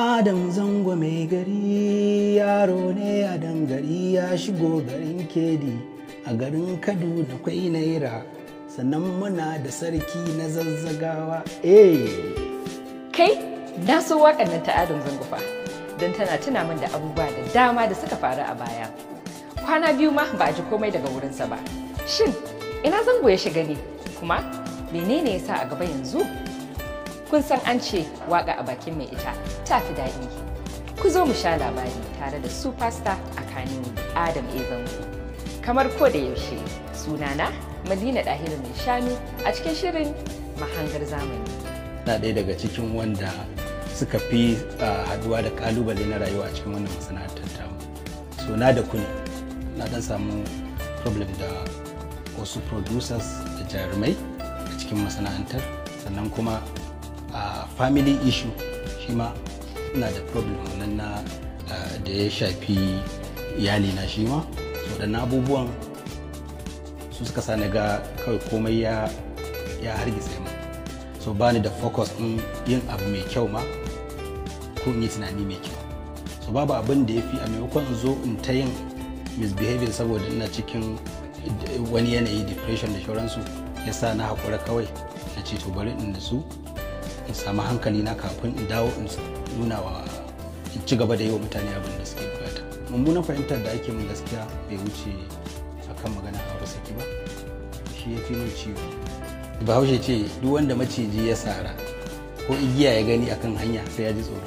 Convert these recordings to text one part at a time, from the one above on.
Adam zango mai gari yaro ne a dangari ya shigo garin kedi a garin kaduna kwai naira sannan muna da sarki na zazzagawa eh kai na so waƙar nan ta Adam zango fa don tana tuna min da abubuwa da dama da suka faru a baya kwana biyu ma ba a ji komai daga wurinsa ba shin ina zango ya shiga ne kuma menene ya sa a gaba yanzu kun san an ce waka a bakin mai ita ta fi daɗi ku zo mu sha labari tare da superstar a kanin adam ezango kamar ko da yaushe sunana madina Dahiru mai shanu a cikin shirin mahangar zamani na ɗaya daga cikin wanda suka fi haduwa da kalubale na rayuwa a cikin wannan masana'antar tamu so na da kuni na dan samu problem da wasu producers da jarumai a cikin masana'antar sannan kuma family issue shi ma ina da problem nan na eh, da ya shafi iyali na shi ma so da abubuwan su suka sa ga kawai komai ya ya hargitse mu so ba ni da focus din yin abu mai kyau ma ko in yi tunani mai kyau so babu abin da ya fi a maimakon in zo in ta yin misbehaving saboda ina cikin wani yanayi depression da shauransu ya sa na haƙura kawai na ce to bari in da su in samu hankali na kafin in dawo in nuna wa in ci gaba da yi wa mutane abin da suke bukata mummunan fahimtar da ake min gaskiya bai wuce akan magana a saki ba shi ya fi mun ciwo bahaushe ce duk wanda maciji ya sara ko igiya ya gani akan hanya sai ya ji tsoro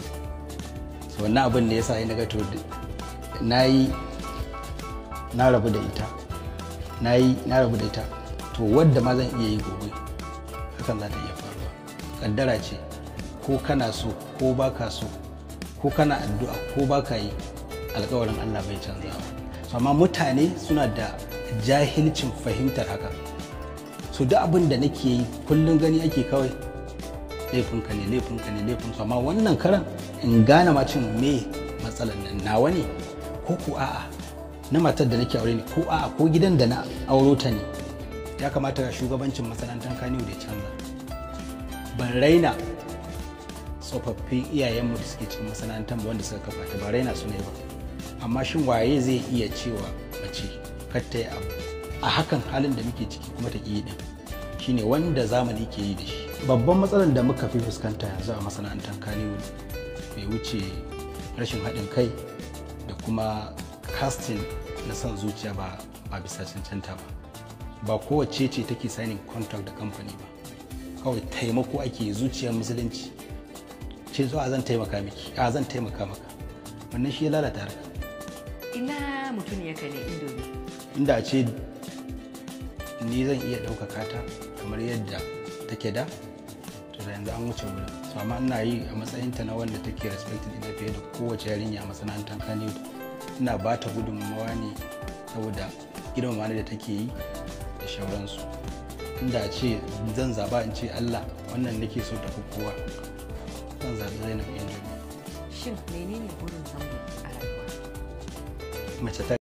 so wannan abin da ya sa na ga to na yi na rabu da ita na yi na rabu da ita to wadda ma zan iya yi gobe hakan za ta iya kaddara ce ko kana so ko baka so ko kana addu'a ko baka yi alkawarin Allah bai canza ba so amma mutane suna da jahilcin fahimtar haka so duk abin da nake yi kullum gani ake kawai laifinka ne laifinka ne laifin ka amma wannan karan in gane ma cin me matsalar nan nawa ne ko ku a'a na matar da nake aure ne ko a'a ko gidan da na auro ta ne ya kamata shugabancin masana'antar kaniyo da canza ban raina tsofaffin iyayenmu da suke cikin masana'antar wanda suka kafa ta ba raina su ne ba amma shin waye zai iya cewa mace kar ta yi abu a hakan halin da muke ciki kuma ta ƙi din shine wanda zamani ke yi da shi babban matsalar da muka fi fuskanta yanzu a masana'antar Kaliwood bai wuce rashin haɗin kai da kuma kastin na son zuciya ba bisa cancanta ba ba kowace ce take signing contract da kamfani ba kawai taimako ake zuciyar musulunci ce zuwa zan taimaka miki a zan taimaka maka wannan shi ya lalata harka ina mutum ya kane indomi inda a ce ni zan iya ɗaukaka ta kamar yadda take da to da yanzu an wuce wurin su amma ina yi a matsayinta na wanda take respected ina fiye da kowace yarinya a masana'antar kani ina ba ta gudunmawa ne saboda girmama da take yi da shauransu inda a ce zan zaba in ce Allah wannan nake so tafi kowa zan zabi Zainab Injini shin menene burin zango a rayuwa mace ta